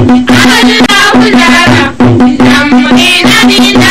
I Ina dina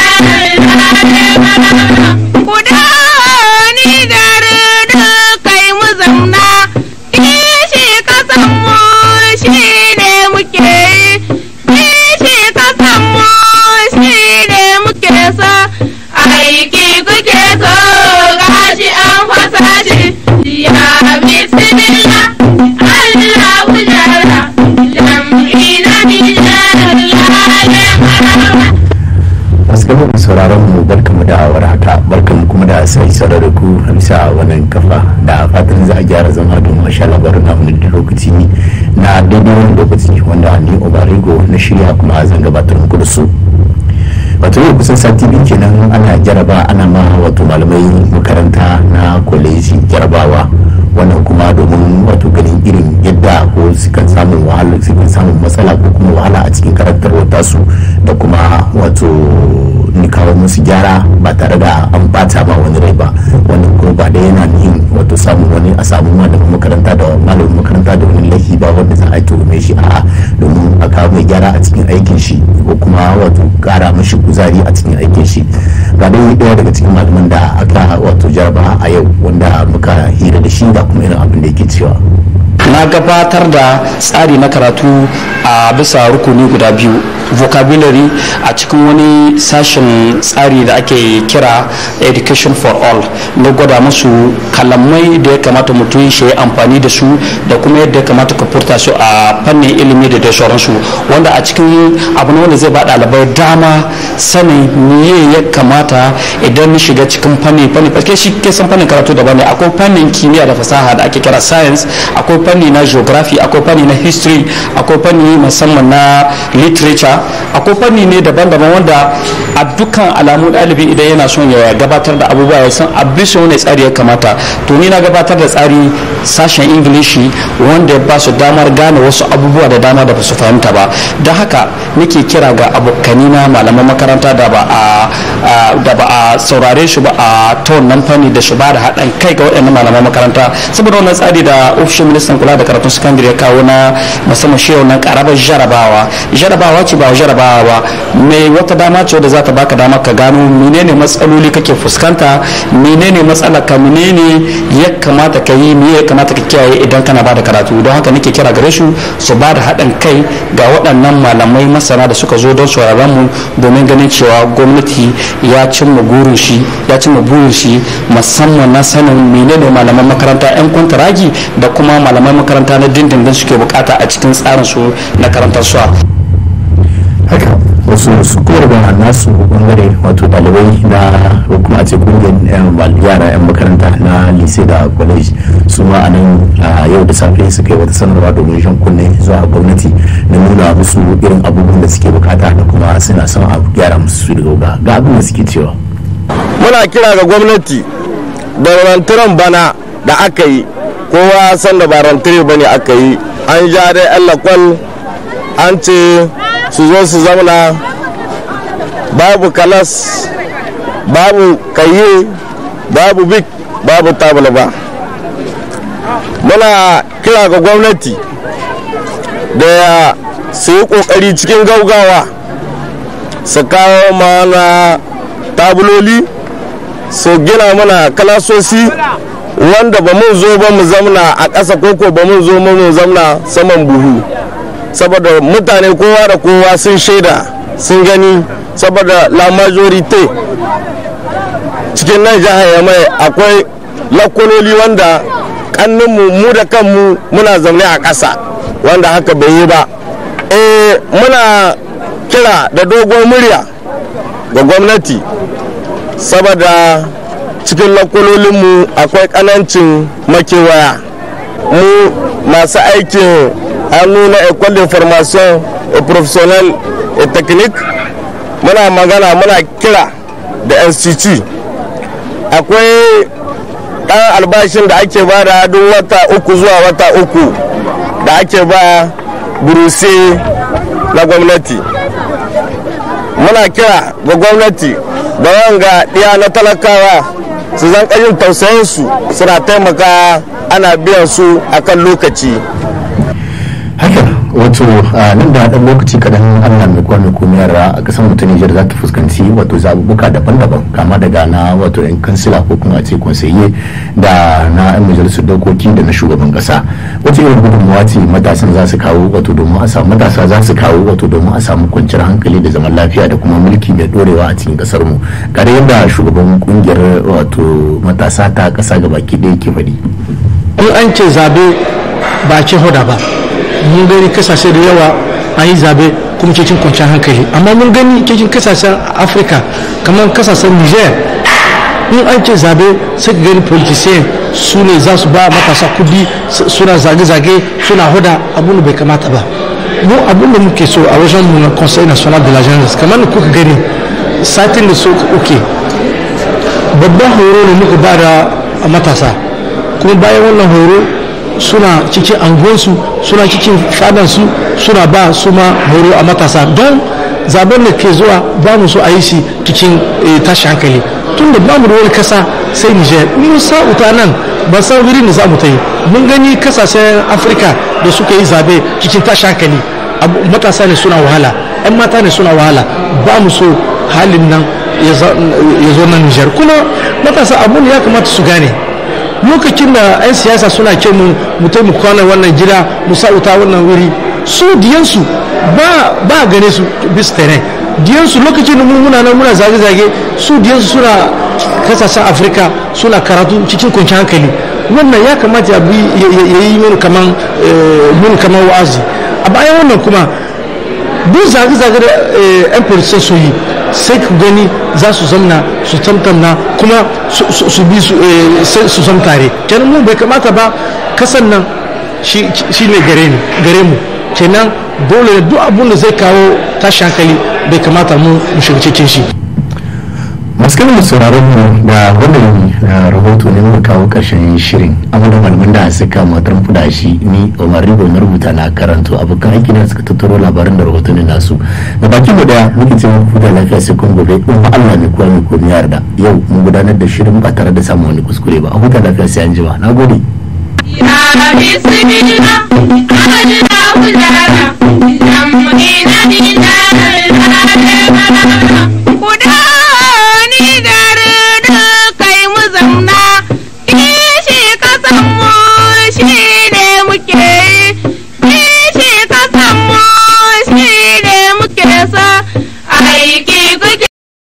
sauraron mu mu da warhaka mu kuma da sai sarar ku a wannan kafa da fatan za a gyara zama don masha labarin na wani lokaci ne na daidai wani lokaci wanda ni obarigo na shirya kuma zan gabatar muku da su wato yau kusan sati biyu kenan ana jaraba ana ma wato malamai makaranta na kwaleji jarabawa wannan kuma domin wato ganin irin yadda ko sukan samun wahala samun matsala ko kuma wahala a cikin karantarwar tasu da kuma wato Ni kawo musu gyara ba tare da an bata ba wani rai ba wani ko ba da yana nihin wato samu wani a samu malamin makaranta da malamin makaranta da wani laifi ba wanda za a tuhume shi a domin a kawo mai gyara a cikin aikin shi ko kuma wato kara mashi kuzari a cikin aikin shi ga dai daya daga cikin malaman da aka wato jarba a yau wanda muka hira da shi da kuma irin abin da yake cewa na gabatar da tsari na karatu a bisa rukuni guda biyu vocabulary a cikin wani sashen tsari da ake kira education for all na gwada musu kalamai da ya kamata mutum shi ya amfani da su da kuma yadda ya kamata ka furta su a fannin ilimi da da sauransu wanda a cikin abu na wanda zai ba ɗalibai dama sanin me ya kamata idan shiga cikin fanni fanni fannin karatu daban ne akwai fannin kimiyya da fasaha da ake kira science akwai fanni fanni na geography akwai fanni na history akwai fanni musamman na literature akwai fanni ne daban-daban wanda a dukkan alamu ɗalibi idan yana son ya gabatar da abubuwa ya san abisa wani tsari ya kamata to ni na gabatar da tsari sashen ingilishi wanda ya ba su damar gane wasu abubuwa da dama da ba su fahimta ba da haka nake kira ga abokanina malaman makaranta da ba a saurare shi ba a ta wannan fanni da shi ba da haɗin kai ga waɗannan malaman makaranta saboda wannan tsari da ofishin ministan kula da karatun sakandare ya kawo na musamman shi na karabar jarabawa jarabawa ce ba jarabawa ba mai wata dama ce da za ta baka dama ka gano menene matsaloli kake fuskanta menene matsala ka menene ya kamata ka yi me ya kamata ka kiyaye idan kana ba da karatu don haka nake kira gare su su ba da haɗin kai ga waɗannan malamai masana da suka zo don sauraron mu domin ganin cewa gwamnati ya cimma burin shi ya cimma burin shi musamman na sanin menene malaman makaranta 'yan kwantaragi da kuma malaman makaranta na dindindin suke bukata a cikin tsarin su na karantar suwa haka wasu su kuma nasu bangare wato dalibai na kuma ce kungiyar eh, yara yan makaranta na lise da college su ma a nan yau da safe su kai wata sanarwa domin shan kunne zuwa gwamnati da nuna musu irin abubuwan da suke bukata da kuma suna son a gyara musu su daga ga abin da suke cewa muna kira ga gwamnati da bana da aka yi kowa san da ba bane ba ne aka yi an ja dai yan lakwal an ce su zo su zauna babu kalas babu kayi babu bik babu tabula ba muna kira ga gwamnati da su yi kokari cikin gaugawa su kawo mana tabuloli su gina mana kalasosi wanda ba mun zo ba mu zamna a ƙasa koko ba mun zo mu zamna saman buhu saboda mutane kowa da kowa sun shaida sun gani saboda la majorite cikin nan jihar ya mai akwai lakololi wanda kanninmu mu da kanmu muna zaune a ƙasa wanda haka bai yi ba e muna kira da dogon murya ga gwamnati saboda cikin lakwalolinmu akwai kanancin makewaya mu masu aikin hannu na école de formation et professionnel et technique muna magana muna kira da institut akwai ɗan albashin da ake ba da duk wata uku zuwa wata uku da ake ba burusi na gwamnati muna kira ga gwamnati da wanga ɗiya na talakawa su zan tausayin su suna taimaka ana biyan su a kan lokaci haka wato nan da dan lokaci kadan allah mai kwame komiyar a kasar mu Nijar za ta fuskanci wato zabubuka daban-daban kama daga na wato yan kansila ko kuma a ce konseye da na yan majalisar dokoki da na shugaban kasa wato irin gudunmawa ce matasan za su kawo wato domin a samu matasa za su kawo wato domin a samu kwanciyar hankali da zaman lafiya da kuma mulki mai dorewa a cikin kasar mu kare yadda shugaban kungiyar wato matasa ta kasa gabaki ɗaya ke faɗi. in an ce zabe ba ce hoda ba mun gani kasashe da yawa an yi zabe kuma cikin kwanciyar hankali amma mun gani cikin kasashen afirka kamar kasashen niger in an ce zabe sai ka gani politician su ne za su ba matasa kudi suna zage-zage suna huda abin bai kamata ba mu abin da muke so a wajen mu na conseil national de la jeunesse kamar kuka gani satin da so uke babban horo ne muka ba da matasa kuma bayan wannan horo suna cikin angonsu suna cikin fadansu suna ba su ma horo a matasa don zaben da ke zuwa ba mu so a yi shi cikin eh, tashi hankali tun da bamu da wani kasa sai nijar mun sa uta nan ban san wurin da za mu ta yi mun gani kasashen afirka da suka yi zabe cikin tashi hankali matasa ne suna wahala 'yan mata ne suna wahala ba mu so halin nan ya zo nan nijar kuma matasa abun ya kamata su gane lokacin da 'yan siyasa suna ce mu mutai mu kwana wannan gida mu sa'uta wannan wuri su diyansu ba a gane su bis diyansu lokacin da mu muna nan muna zage-zage su diyansu suna kasashen afirka suna karatu cikin kunci hankali wannan ya kamata ya yi mun kamar eh, wa'azi a bayan wannan kuma duk zage-zage da 'yan eh, police yi sai ku gani za su zamna su tantanna kuma su bi su eh, san tare kenan mu bai kamata ba kasan nan shi ne gare mu kenan dole da duk abun da zai kawo tashi hankali bai kamata mu mu shirce shi gaske mu sauraron mu da wannan ah, rahoto ne muka kawo karshen shirin amurda malaman da suka matan shi ni umar ribo na rubuta na karanto abokan aiki na suka tattaro labarin da ne nasu da baki mu da muke ce muku da lafiya sai kun gobe in ba Allah ne kuwa ne ko ni yarda yau mun gudanar da shirin ba tare da samun wani kuskure ba a huta lafiya sai an jima na gode